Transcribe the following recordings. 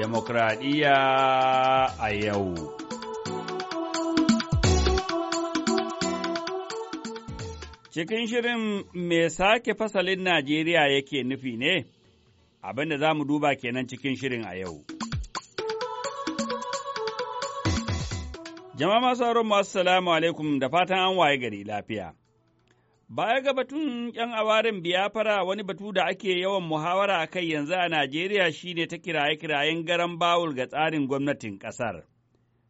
demokradiyya a yau. Cikin shirin me sake fasalin Najeriya yake nufi ne, abinda za mu duba kenan cikin shirin a yau. Jama'a masu masu salamu alaikum da fatan an waye gari lafiya. Baya ga batun ‘yan awarin biyafara wani batu da ake yawan muhawara a kai yanzu a Najeriya shi ne ta kiraye-kirayen garan bawul ga tsarin gwamnatin ƙasar.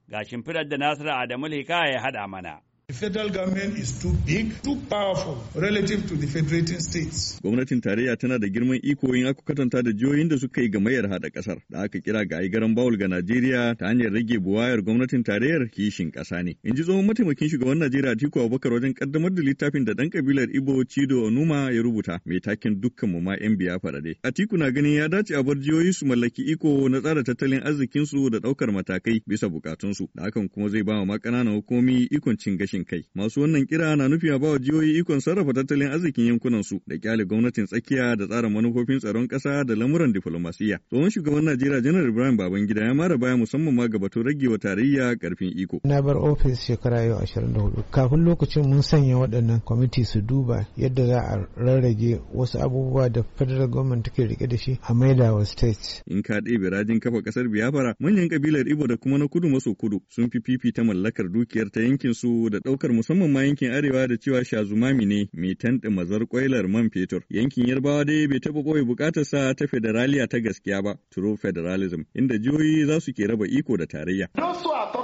Ga shimfidar da Nasiru Adamu ya haɗa mana. The federal government is too big, too powerful relative to the federating states. Gwamnatin tarayya tana da girman iko in aka katanta da jihohin da suka yi gamayyar hada kasar da aka kira ga garan bawul ga Najeriya ta hanyar rage buwayar gwamnatin tarayyar kishin kasa ne. In ji tsohon mataimakin shugaban Najeriya Atiku Abubakar wajen kaddamar da littafin da dan kabilar Ibo Chido Onuma ya rubuta mai takin dukkan mu ma yan biya farade. Atiku na ganin ya dace a bar jihohi su mallaki iko na tsara tattalin arzikin su da daukar matakai bisa bukatunsu da hakan kuma zai ba wa hukumomi ikon cin gashin kai. Masu wannan kira na nufi a bawa jihohi ikon sarrafa tattalin arzikin yankunansu da kyale gwamnatin tsakiya da tsara manufofin tsaron ƙasa da lamuran diflomasiyya. Tsohon shugaban Najeriya Janar Ibrahim Babangida ya mara baya musamman ma ga batun wa tarayya karfin iko. Na bar ofis shekara yau ashirin 24. Kafin lokacin mun sanya waɗannan kwamiti su duba yadda za a rarrage wasu abubuwa da federal government take rike da shi a maida wa state. In ka ɗebe rajin kafa ƙasar Biafra manyan kabilar Ibo da kuma na kudu maso kudu sun fi fifita mallakar dukiyar ta yankin su da ɗaukar musamman ma yankin arewa da cewa shazumami ne mai tanɗi mazar kwailar man fetur. Yankin Yarbawa dai bai taɓa ɓoye buƙatar sa ta federaliya ta gaskiya ba, true federalism, inda jihohi za su ke raba iko da tarayya.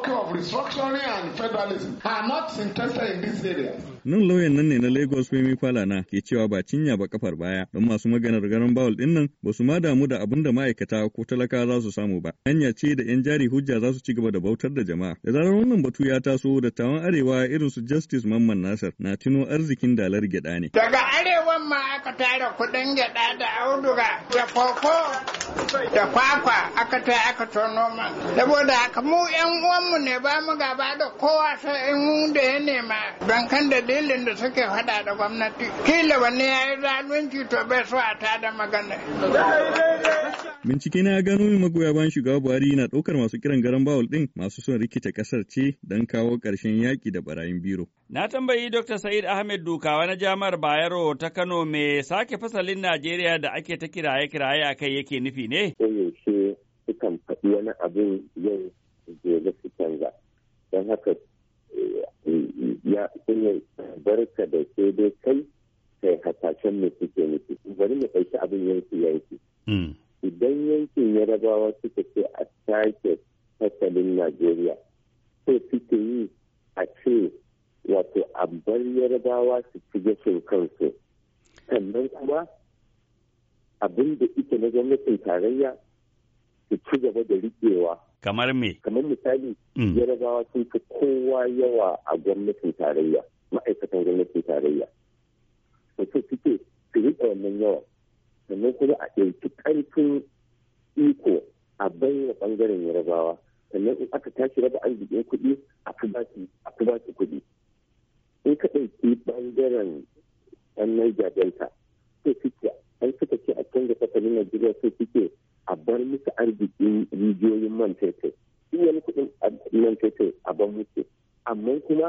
doctrine of restructuring and federalism are not interested in this area. nan lauyan nan ne na Lagos Femi Falana ke cewa ba cinya ba kafar baya don masu maganar garin bawul din nan ba su ma damu da abin da ma'aikata ko talaka za su samu ba hanya ce da yan jari hujja za su ci gaba da bautar da jama'a da zarar wannan batu ya taso da tawan arewa irin su Justice Mamman Nasir na tuno arzikin dalar gyaɗa ne daga arewan ma aka tara kuɗin gyada da auduga da koko da kwakwa aka ta aka tono man saboda haka mu yan uwanmu ne ba mu gaba da kowa sai in mu da ya nema don kan dalilin da suke faɗa da gwamnati kila wani ya yi zalunci to bai so a ta da magana. Bincike na ya gano min magoya bayan shugaba Buhari na ɗaukar masu kiran garan bawul ɗin masu son rikice ƙasar ce don kawo ƙarshen yaƙi da barayin biro. Na tambayi Dr. Sa'id Ahmed Dukawa na Jami'ar Bayero ta Kano mai sake fasalin Najeriya da ake ta kiraye-kiraye a kai yake nufi ne? ko yaushe sukan faɗi wani abin yau gobe su canza. Don haka eh, ya suna barka da sai dai kai kai hasashen mu suke nufi. Bari mu ɗauki abin yanki yanki. Hmm. Idan yankin yarabawa suka ce a sake fasalin Najeriya, so suke yi a ce wato a bar yarabawa su ci gashin kansu. Sannan kuma abin da ita na gwamnatin tarayya su ci gaba da riƙewa. Kamar me? Kamar misali, mm. Yarabawa sun fi kowa yawa a gwamnatin tarayya, ma'aikatan gwamnatin tarayya. wasu suke su riƙe wannan yawan, sannan kuma a ɗauki ƙarfin iko a baiwa ɓangaren Yarabawa. Sannan in aka tashi raba arzikin kuɗi a fi ba su kuɗi. In ka ɗauki ɓangaren ɗan Niger Delta, sai suke an suka ce a canza fasalin najeriya sai suke a bar musu arzikin rijiyoyin man fetur iya wani kuɗin man fetur a ban musu amma kuma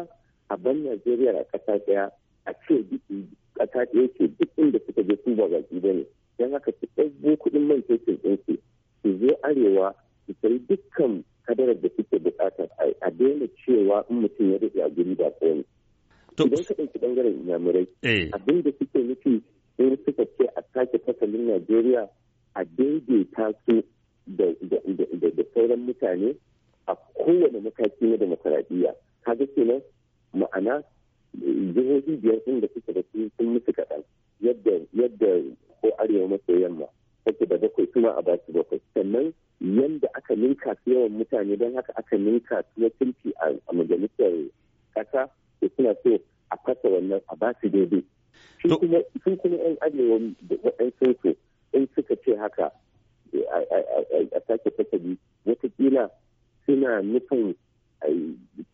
a ban najeriya a ƙasa ɗaya a ce ƙasa ɗaya ce duk inda suka je su ba baki ba ne don haka su ɗaggo kuɗin man fetur ɗin su su zo arewa su sayi dukkan kadarar da suke buƙata a daina cewa in mutum ya daɗe a guri ba ko ne. Idan ka ɗauki ɓangaren inyamurai eh. abinda suke nufi in suka asalin najeriya a daidaita su da sauran mutane a kowane mataki na demokaradiyya kaga kenan ma'ana jihohi biyar sun da suke da sun musu kaɗan yadda ko arewa maso yamma take da bakwai kuma a basu bakwai sannan yadda aka ninka su yawan mutane don haka aka ninka su wakilci a majalisar kasa da suna so a fasa wannan a basu daidai Sun kuma 'yan arewa da waɗansu su in suka ce haka a sake fasali watakila suna nufin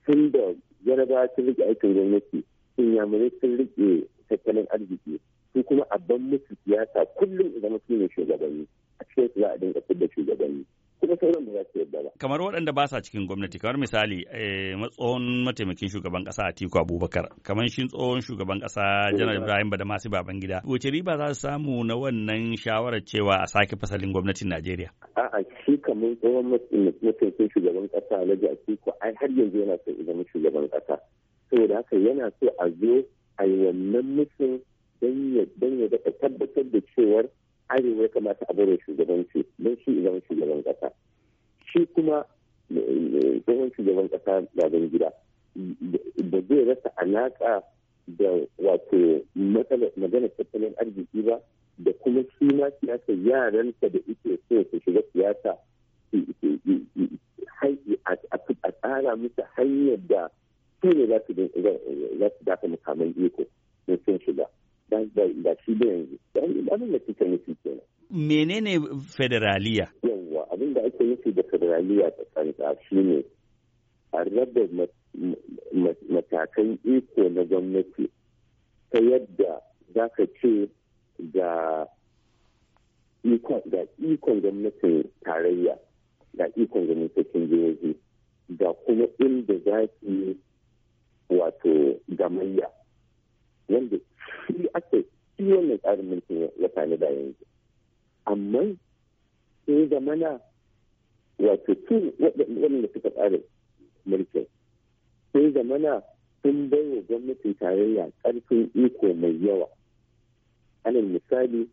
tun da yaraba sun rike aikin gwamnati sun yamurai sun rike tattalin arziki su kuma abban musu siyasa kullum idan su ne shugabanni a cikin su za a dinga fidda shugabanni kamar waɗanda ba sa cikin gwamnati kamar misali eh, tsohon mataimakin shugaban ƙasa Atiku Abubakar kamar shi tsohon shugaban ƙasa Janar Ibrahim Badamasi gida wace riba za su samu na wannan shawarar cewa a sake fasalin gwamnatin Najeriya a'a shi kamar tsohon mataimakin shugaban kasa ƙasa Alhaji Atiku ai har yanzu yana son zama shugaban kasa saboda haka yana so a zo a yi wannan mutum don ya tabbatar da cewar arewa ya kamata a bar shugabanci don shi zama shugaban ƙasa shi kuma tsohon shugaban kasa gaban gida da zai rasa alaka da wato magana tattalin arziki ba da kuma shi ma siyasa ka da ike so su shiga siyasa a tsara musu hanyar da su ne za su dafa makaman iko na sun shiga da shi da yanzu da abin da suka nufi kenan menene federaliya abin da ake nufi da federaliya ta tsantsa shine a rabar matakan iko na gwamnati ta yadda za ka ce ga ikon gwamnatin tarayya ga ikon gwamnatin jirage da kuma inda za ki wato gamayya wanda shi ake shi wannan tsarin mulkin ya tani da yanzu amma sai zamana wato tun waɗanda suka tsara mulkin sai zamana sun bai wa gwamnatin tarayya ƙarfin iko mai yawa ana misali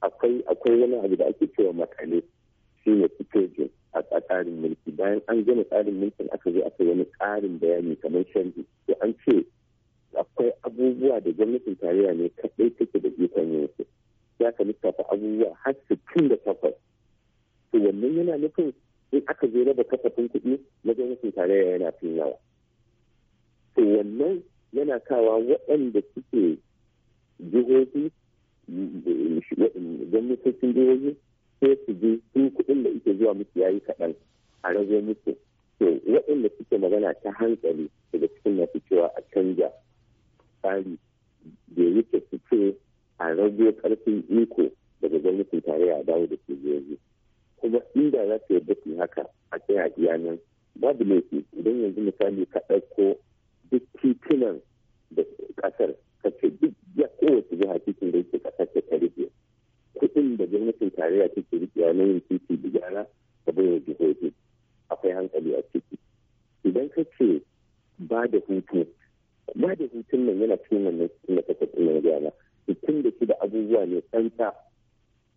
akwai wani abu da ake cewa makale shi ne fitogin a tsarin mulki bayan an gama tsarin mulkin aka zo aka wani tsarin bayani kamar canji to an ce akwai abubuwa da gwamnatin tarayya ne kaɗai take da ikon yanzu ya ka lissafa abubuwa har sittin da takwas to wannan yana nufin in aka je raba kasafin kuɗi na gwamnatin tarayya yana fin yawa to wannan yana kawa waɗanda suke jihohi gwamnatocin jihohi sai su je su kuɗin da ike zuwa musu yayi kaɗan a rage musu to waɗanda suke magana ta hankali daga cikin masu cewa a canja tsari da yake su ce rage karfin iko daga gwamnatin tarayya dawo da sojoji kuma inda za ta yarda su haka a tsaya iya nan babu laifi idan yanzu misali ka ɗauko duk titunan da ƙasar ka ce duk ya kowace jiha titin da yake ƙasar ta ta rufe kuɗin da gwamnatin tarayya take rikewa na yin titi da gyara ta bayar jihohi akwai hankali a ciki idan ka ce ba da hutu ba da hutun nan yana cikin wannan cikin da kasa cikin gyara sittin da shida abubuwa ne tsanta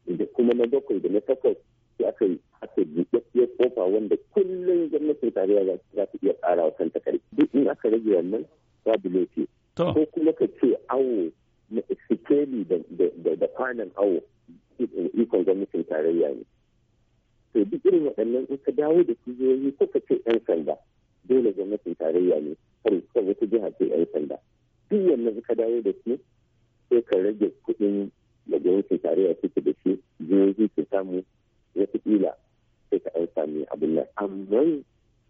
da kuma na bakwai da na takwas da aka yi aka buɗaɗɗiyar kofa wanda kullum gwamnatin tarayya za ta iya ƙara wa kanta ƙarfi duk in aka rage wannan babu laifi ko kuma ka ce awo na sikeli da kwanan awo ikon gwamnatin tarayya ne to duk irin waɗannan in ka dawo da su yi ko ka ce 'yan sanda dole gwamnatin tarayya ne har wata jiha ce 'yan sanda duk wannan ka dawo da su sai ka rage kuɗin da tare tarayya take da shi jihohi su samu wataƙila sai ka an sami abin nan amma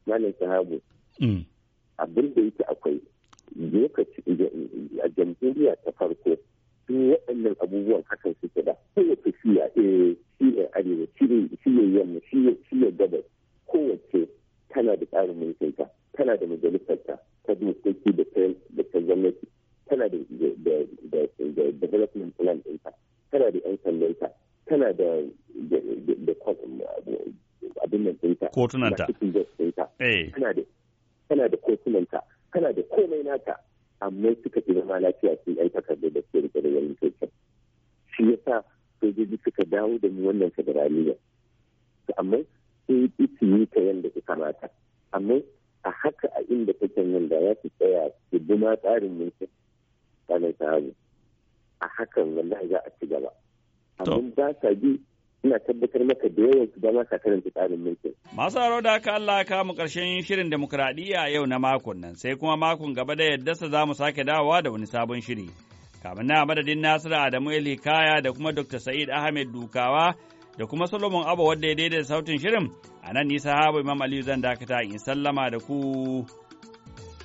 malam sahabu mm. abin da yake akwai lokaci a jamhuriya ta farko sun waɗannan abubuwan hakan suke da kowace shiya eh, shiya arewa shiya yamma shiya gabas kowace tana da tsarin mulkinta tana da majalisar kotunanta eh. kana da da kotunanta kana da komai nata amma suka fi zama lafiya sun yan takardar da suke rike da wani sojan shi yasa sojoji suka dawo da mu wannan federaliyya amma sai isi yi ta yadda su kamata amma a haka a inda take da ya fi tsaya su bi ma tsarin mulki tsanin sahabu a hakan wanda za a ci gaba amma ba sa bi ina tabbatar maka da yawan su dama sakarin su tsarin mulkin. Masu haro da aka Allah ka mu karshen shirin demokuraɗiyya yau na makon nan sai kuma makon gaba da yadda sa za mu sake dawowa da wani sabon shiri. Kamin na madadin Nasiru Adamu Eli Kaya da kuma Dr. Sa'id Ahmed Dukawa da kuma Solomon Abu wanda ya daidaita sautin shirin a nan nisa habu Imam Aliyu zan dakata in sallama da ku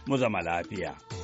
mu zama lafiya.